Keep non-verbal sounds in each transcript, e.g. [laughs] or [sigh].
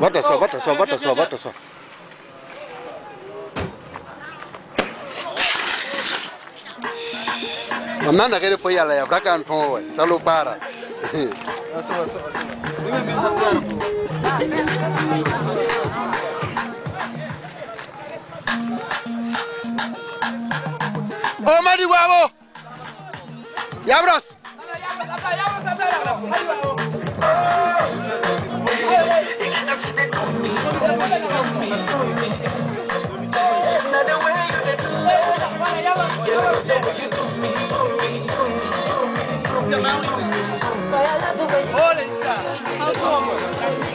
Vota só, vota só, vota só, vota só. Wannan da gari fa yala ya fraka an tomo wai, salo fara. Omar Iwabo! Yabros!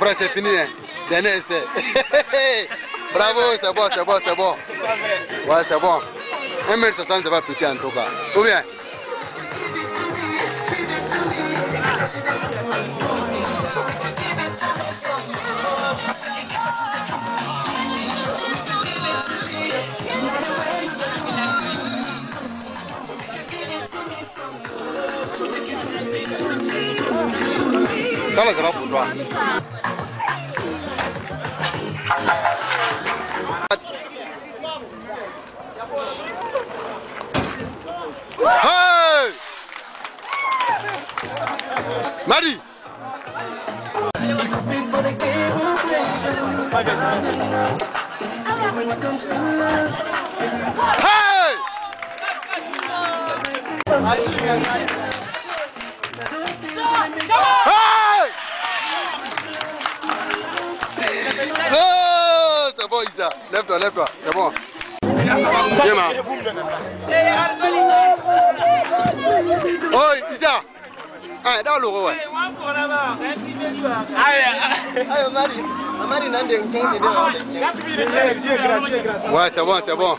frère, c'est fini. Hein. Dernier essai. [laughs] Bravo, c'est bon, c'est bon, c'est bon. Ouais, c'est bon. 1m60, c'est pas petit en tout cas. Ou bien Ça, va, c'est va, pour toi. Hey! Mari! Hey! lève-toi, lève-toi, c'est bon. Viens, Oh, Isa. Ah, dans le Ouais, c'est bon, c'est bon.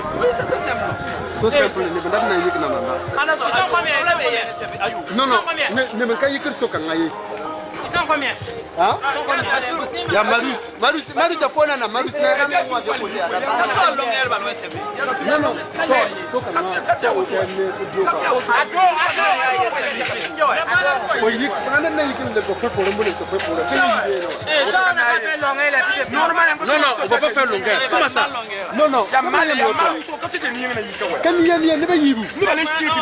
nemen ka yikir so kan aye ya maru maru maru ta fona na maru na no no to to kan na o ke ne ko do ka o yik kan na yikir le ko ko ko mo ne ko ko ko ke yi ne no Non, non, on ne va pas faire longueur. Comment ça Non, non. Quand il y a un yébu. Nous allons suivre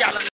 les points.